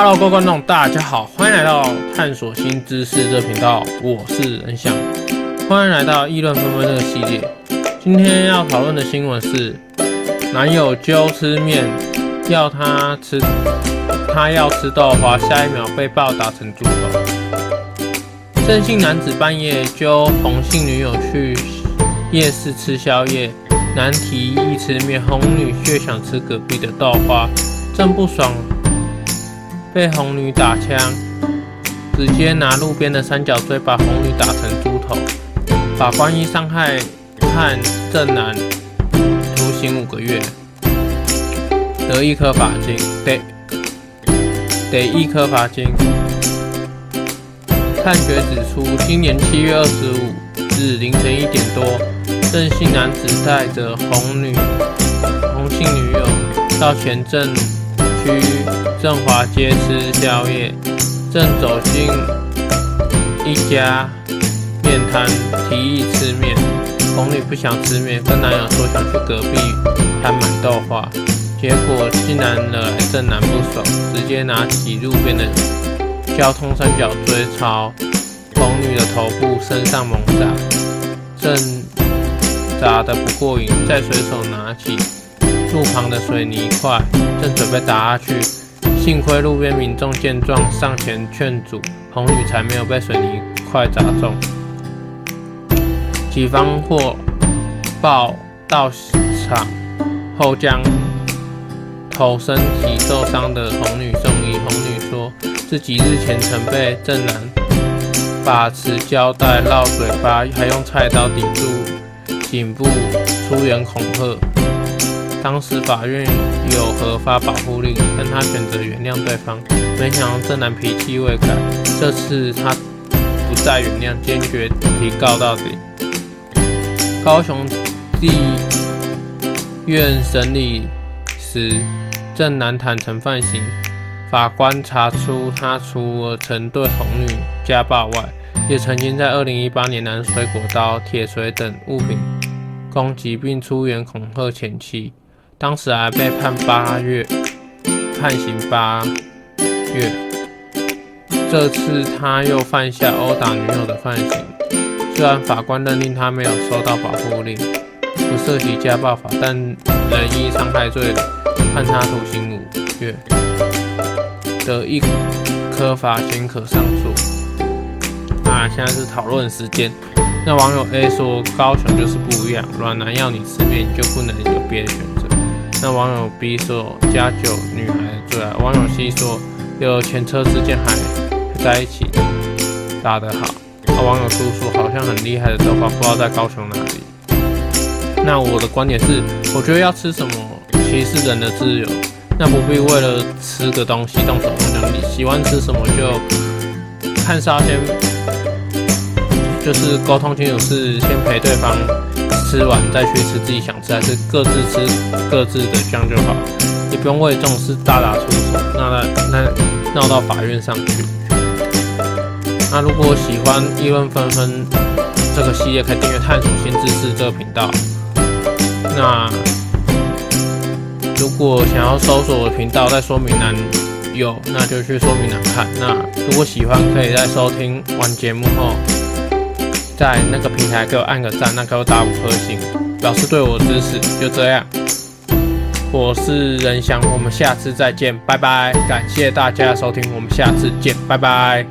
哈，嘍各位觀眾，大家好，歡迎來到探索新知識這頻道，我是仁翔，歡迎來到議論紛紛這個系列。今天要討論的新聞是，男友揪吃麵，要他吃，他要吃豆花，下一秒被暴打成豬頭。鄭姓男子半夜揪同性女友去夜市吃宵夜，男提議吃麵，紅女卻想吃隔壁的豆花，鄭不爽。被紅女打槍，直接拿路邊的三角錐把紅女打成豬頭，把關於傷害判鄭男徒刑五個月，得一顆罰金，得得一顆罰金。判決指出，今年七月二十五日凌晨一點多，鄭姓男子帶着紅女、紅姓女友到前陣去振華街吃宵夜，正走進一家麵攤，提議吃麵。紅女不想吃麵，跟男友說想去隔壁，攤滿豆花。結果，竟然惹來振南不爽，直接拿起路邊的交通三角錐朝紅女的頭部、身上猛砸。正砸的不過癮，再隨手拿起。路旁的水泥塊正準備砸下去，幸虧路邊民眾見狀上前勸阻，紅女才沒有被水泥塊砸中。警方獲報到場後，將頭、身體受傷的紅女送醫。紅女說自己日前曾被鄭男把持膠帶繞嘴巴，還用菜刀抵住頸部出，出言恐嚇。當時法院有核發保護令，但他選擇原諒對方。沒想到鄭男脾氣未改，這次他不再原諒，堅決提告到底。高雄地院審理時，鄭男坦承犯行，法官查出他除了曾對紅女家暴外，也曾經在2018年拿水果刀、鐵錘等物品攻擊並出言恐嚇前妻。當時還被判八月，判刑八月，這次他又犯下毆打女友的犯行，雖然法官認定他沒有受到保護令，不涉及家暴法，但仍以傷害罪判他徒刑五月，得易科罰金可上訴。啊，現在是討論時間。那網友 A 說：“高雄就是不一樣，軟男要你吃麵你就不能有別選。”那網友 B 說，家酒女孩最愛。網友 C 說，有前車之鑑還在一起，打得好。那、啊、網友叔叔好像很厲害的的話，不知道在高雄哪裡。那我的觀點是，我覺得要吃什麼，其實是人的自由，那不必為了吃個東西動手動腳，喜歡吃什麼就看事先，就是溝通清楚，事先陪對方。吃完再去吃自己想吃，還是各自吃各自的，這樣就好，也不用為這種事大打出手，那那那鬧到法院上去。那如果喜歡議論紛紛這個系列，可以訂閱《探索新知識》這個頻道。那如果想要搜索我的頻道，在說明欄有，那就去說明欄看。那如果喜歡，可以在收聽完節目後，在那個平台給我按個讚，那給我打五顆星，表示對我的支持。就這樣，我是仁翔，我們下次再見，拜拜。感謝大家的收聽，我們下次見，拜拜。